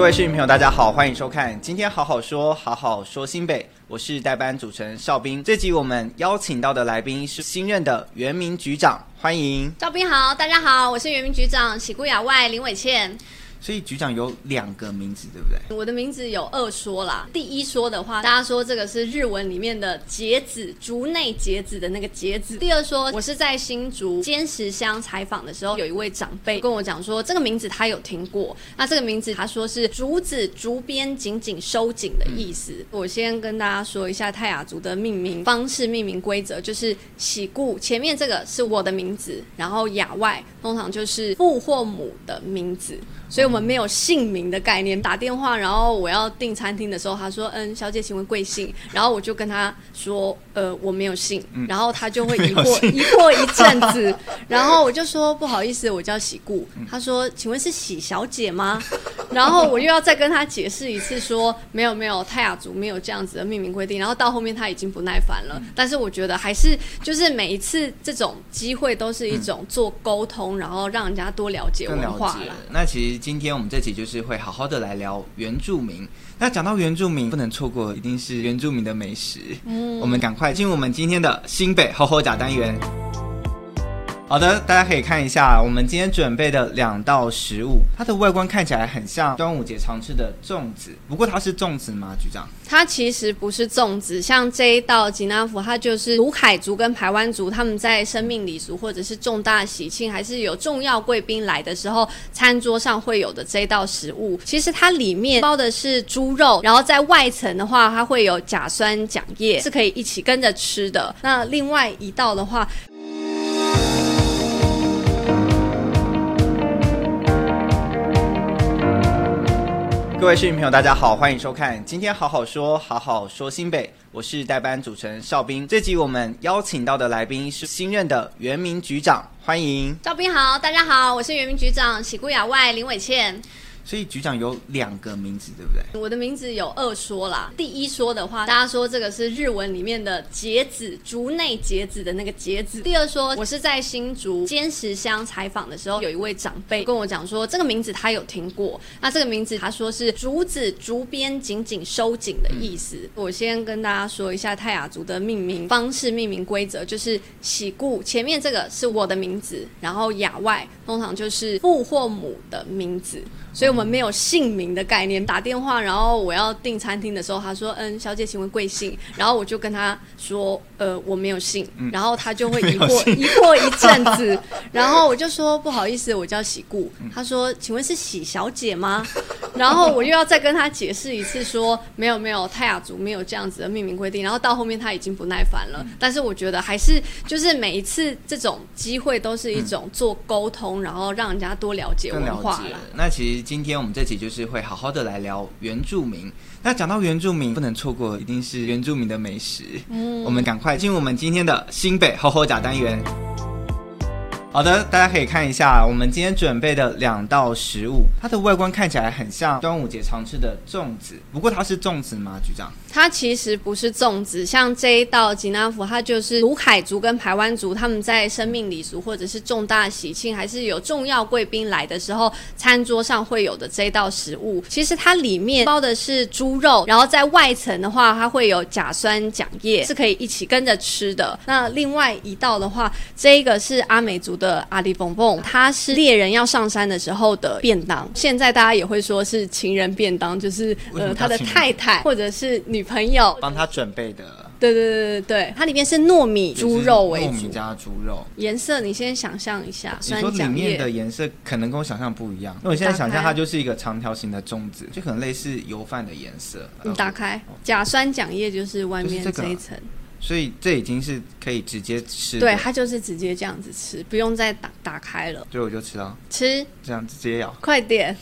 各位市民朋友，大家好，歡迎收看今天好好說，好好說新北，我是代班主持人邵兵。這集我們邀請到的來賓是新任的原民局長，歡迎。邵兵好，大家好，我是原民局長喜古雅外林瑋茜。所以局長有兩個名字，對不對？我的名字有二說啦。第一說的話，大家說這個是日文裡面的結子，竹內結子的那個結子。第二說，我是在新竹尖石鄉採訪的時候，有一位長輩跟我講說，這個名字他有聽過。那這個名字他說是竹子竹編緊緊收緊的意思。嗯、我先跟大家說一下泰雅族的命名方式、命名規則，就是 Siku 前面這個是我的名字，然後 Yaway 通常就是父或母的名字，所以。我們沒有姓名的概念，打電話，然後我要訂餐廳的時候，他說：“嗯，小姐，請問貴姓？”然後我就跟他說：“呃，我沒有姓。嗯”然後他就會疑惑疑惑一陣子， 然後我就說：“不好意思，我叫喜顧。嗯”他說：“請問是喜小姐嗎？” 然後我又要再跟他解釋一次，說，沒有沒有，泰雅族沒有這樣子的命名規定。然後到後面他已經不耐煩了，但是我覺得還是就是每一次這種機會都是一種做溝通，嗯、然後讓人家多了解文化，更了解啦，那其實今天我們這集就是會好好的來聊原住民。那講到原住民，不能錯過一定是原住民的美食。嗯，我們趕快進入我們今天的新北厚厚呷單元。好的，大家可以看一下我們今天準備的兩道食物，它的外觀看起來很像端午節常吃的粽子，不過它是粽子嗎？局長？它其實不是粽子，像這一道吉拿富，它就是魯凱族跟排灣族他們在生命禮俗或者是重大喜慶還是有重要貴賓來的時候，餐桌上會有的這一道食物。其實它裡面包的是豬肉，然後在外層的話，它會有假酸漿葉，是可以一起跟着吃的。那另外一道的話。各位市民朋友，大家好，歡迎收看今天好好說，好好說新北，我是代班主持人邵兵。這集我們邀請到的來賓是新任的原民局長，歡迎。邵兵好，大家好，我是原民局長 Siku Yaway 林瑋茜。所以局長有兩個名字，對不對？我的名字有二說啦。第一說的話，大家說這個是日文裡面的結子，竹內結子的那個結子。第二說，我是在新竹尖石鄉採訪的時候，有一位長輩跟我講說，這個名字他有聽過。那這個名字他說是竹子，竹編緊緊收緊的意思。嗯、我先跟大家說一下泰雅族的命名方式、命名規則，就是 Siku。前面這個是我的名字，然後 Yaway 通常就是父或母的名字。所以我們沒有姓名的概念。打電話，然後我要訂餐廳的時候，他說：“嗯，小姐，請問貴姓？”然後我就跟他說：“呃，我沒有姓。嗯”然後他就會疑惑疑惑一陣子， 然後我就說：“ 不好意思，我叫喜顧。”他說：“請問是喜小姐嗎？” 然後我又要再跟他解釋一次，說沒有沒有，泰雅族沒有這樣子的命名規定。然後到後面他已經不耐煩了，但是我覺得還是就是每一次這種機會都是一種做溝通，嗯、然後讓人家多了解文化了，更了解了，那其實今天我們這集就是會好好的來聊原住民。那講到原住民，不能錯過一定是原住民的美食。嗯，我們趕快進入我們今天的新北厚厚呷單元。好的，大家可以看一下我們今天準備的兩道食物，它的外觀看起來很像端午節常吃的粽子，不過它是粽子嗎，局長？它其實不是粽子，像這一道吉拿富，它就是魯凱族跟排灣族他們在生命禮俗或者是重大喜慶還是有重要貴賓來的時候，餐桌上會有的這一道食物。其實它裡面包的是豬肉，然後在外層的話，它會有假酸漿葉，是可以一起跟着吃的。那另外一道的話，這一個是阿美族，的阿里鳳鳳，他是獵人要上山的時候的便當。現在大家也會說是情人便當，就是呃他的太太或者是女朋友幫他準備的。對對對對對，它裡面是糯米豬肉為主，糯米加豬肉。顏色，你先想象一下，你說裡面的顏色可能跟我想象不一樣。那開我現在想象它就是一個長條形的粽子，就可能類似油飯的顏色。呃、打開假酸漿葉就是外面是、這個、這一層。所以這已經是可以直接吃，對，它就是直接這樣子吃，不用再打打開了。對，我就吃了、啊，吃這樣直接咬，快點。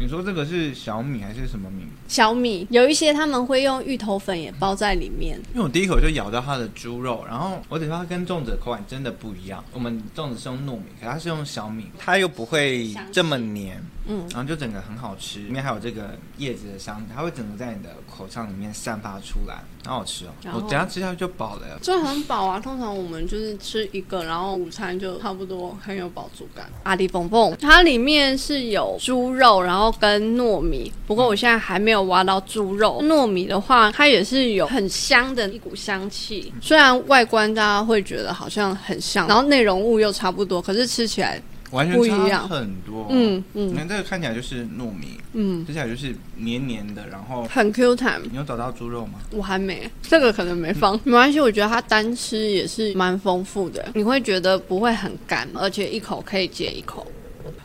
你說這個是小米還是什麼米？小米，有一些他們會用芋頭粉也包在裡面，嗯。因為我第一口就咬到它的豬肉，然後而且它跟粽子的口感真的不一樣。我們粽子是用糯米，可它是用小米，它又不會這麼黏，嗯氣，然後就整個很好吃。裡面還有這個葉子的香，它會整個在你的口腔裡面散發出來，很好吃哦。後我等下吃下去就飽了，就很飽啊。通常我們就是吃一個，然後午餐就差不多，很有飽足感。阿里鳳鳳，它裡面是有豬肉，然後。跟糯米，不過我現在還沒有挖到豬肉。嗯、糯米的話，它也是有很香的一股香氣，嗯、雖然外觀大家會覺得好像很像，然後內容物又差不多，可是吃起來完全不一樣很多。嗯嗯，你、嗯、看這個看起來就是糯米，嗯，吃起來就是黏黏的，然後很 Q 彈。Time 你有找到豬肉嗎？我還沒，這個可能沒放，嗯、沒關係。我覺得它單吃也是蠻豐富的，你會覺得不會很乾，而且一口可以接一口。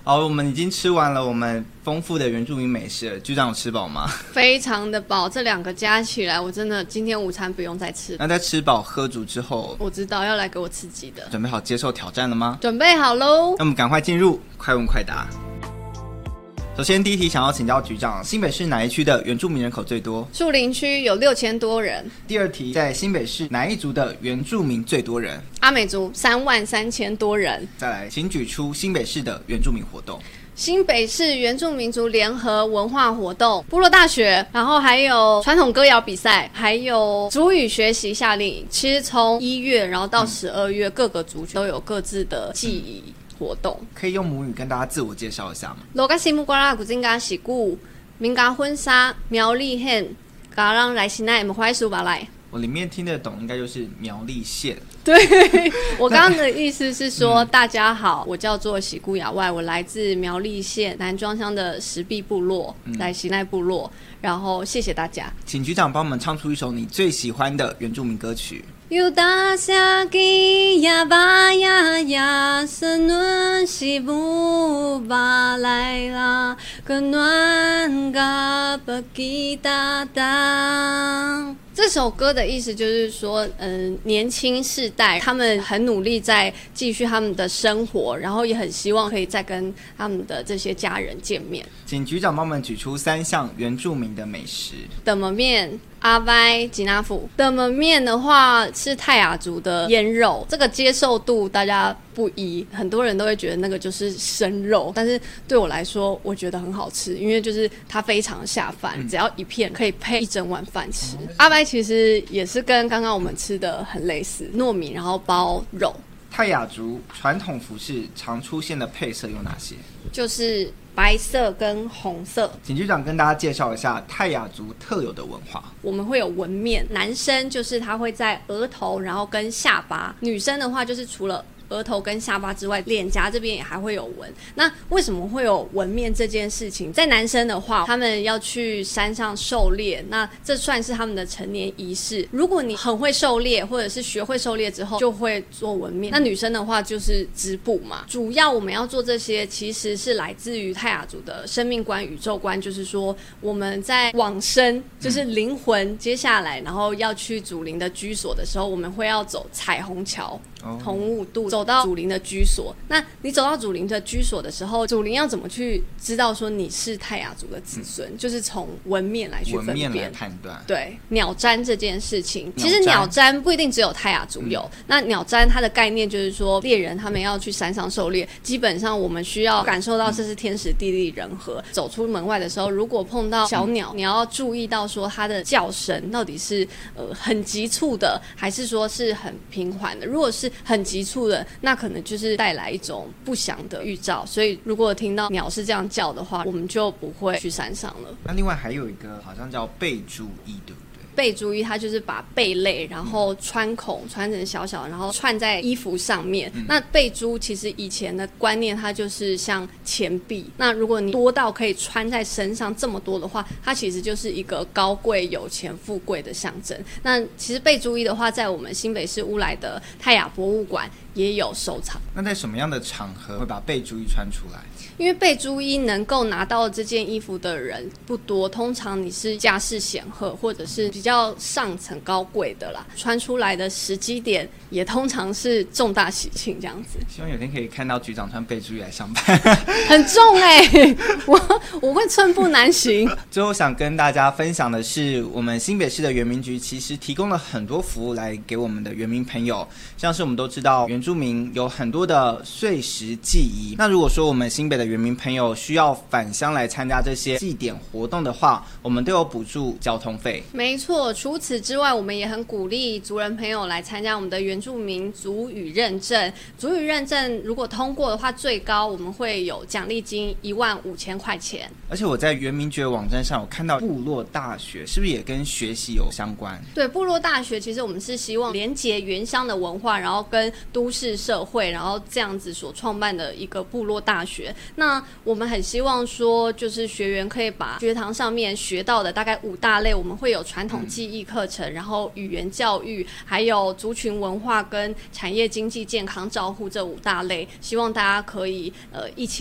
好，我們已經吃完了我們豐富的原住民美食了，局長有吃飽嗎？非常的飽，這兩個加起來，我真的今天午餐不用再吃了。那在吃飽喝足之後，我知道要來給我刺激的，準備好接受挑戰了嗎？準備好嘍！那我們趕快進入快問快答。首先，第一題想要請教局長，新北市哪一區的原住民人口最多？樹林區有六千多人。第二題，在新北市哪一族的原住民最多人？阿美族三萬三千多人。再來，請舉出新北市的原住民活動。新北市原住民族聯合文化活動、部落大學，然後還有傳統歌謠比賽，還有族語學習夏令營。其實從一月然後到十二月，嗯、各個族群都有各自的記憶活動。嗯、可以用母語跟大家自我介紹一下嗎？我裡面聽得懂，應該就是苗栗縣。 對我剛剛的意思是說，那大家好，嗯、我叫做喜姑雅外，我來自苗栗縣南莊鄉的石壁部落，嗯、在西奈部落。然後謝謝大家，請局長幫我們唱出一首你最喜歡的原住民歌曲。嗯這首歌的意思就是說，嗯，年輕世代他們很努力在繼續他們的生活，然後也很希望可以再跟他們的這些家人見面。請局長幫忙舉出三項原住民的美食。怎麼面？阿拜吉拿富的面的話，是泰雅族的醃肉，這個接受度大家不一，很多人都會覺得那個就是生肉，但是對我來說我覺得很好吃，因為就是它非常下飯，只要一片可以配一整碗飯吃。嗯、阿拜其實也是跟剛剛我們吃的很類似，糯米然後包肉。泰雅族傳統服飾常出現的配色，有哪些？就是白色跟紅色。請局長跟大家介紹一下泰雅族特有的文化。我們會有文面，男生就是他會在額頭，然後跟下巴；女生的話就是除了，額頭跟下巴之外，臉頰這邊也還會有紋。那為什麼會有文面這件事情？在男生的話，他們要去山上狩獵，那這算是他們的成年儀式。如果你很會狩獵，或者是學會狩獵之後，就會做文面。那女生的話就是織布嘛。主要我們要做這些，其實是來自於泰雅族的生命觀、宇宙觀，就是說我們在往生，就是靈魂接下來，然後要去祖靈的居所的時候，我們會要走彩虹橋。同五度走到祖靈的居所。那你走到祖靈的居所的時候，祖靈要怎麼去知道說你是泰雅族的子孫？嗯、就是從文面來去分辨。判斷。對，鳥占這件事情，氈其實鳥占不一定只有泰雅族有。嗯、那鳥占它的概念就是說，獵人他們要去山上狩獵，基本上我們需要感受到這是天時地利人和。嗯、走出門外的時候，如果碰到小鳥，嗯、你要注意到說它的叫聲到底是呃很急促的，還是說是很平緩的？如果是很急促的，那可能就是帶來一種不祥的預兆，所以如果聽到鳥是這樣叫的話，我們就不會去山上了。那、啊、另外還有一個，好像叫貝珠衣的。貝珠衣它就是把貝類，然後穿孔、嗯、穿成小小，然後串在衣服上面。嗯、那貝珠其實以前的觀念，它就是像錢幣。那如果你多到可以穿在身上這麼多的話，它其實就是一個高貴、有錢、富貴的象徵。那其實貝珠衣的話，在我們新北市烏來的泰雅博物館也有收藏。那在什麼樣的場合會把貝珠衣穿出來？因為貝珠衣能夠拿到這件衣服的人不多，通常你是家世顯赫，或者是。比較上層高貴的啦，穿出來的時機點也通常是重大喜慶這樣子。希望有天可以看到局長穿貝珠衣來上班 ，很重哎，欸， 我。我會寸步難行。 最後想跟大家分享的是，我們新北市的原民局其實提供了很多服務來給我們的原民朋友，像是我們都知道原住民有很多的歲時祭儀。那如果說我們新北的原民朋友需要返鄉來參加這些祭典活動的話，我們都有補助交通費。沒錯，除此之外，我們也很鼓勵族人朋友來參加我們的原住民族語認證。族語認證如果通過的話，最高我們會有獎勵金一萬五千塊錢。而且我在原民局的網站上，我看到部落大學是不是也跟學習有相關？對，部落大學其實我們是希望連接原鄉的文化，然後跟都市社會，然後這樣子所創辦的一個部落大學。那我們很希望說，就是學員可以把學堂上面學到的大概五大類，我們會有傳統技藝課程，然後語言教育，還有族群文化跟產業經濟、健康照護這五大類，希望大家可以呃一起。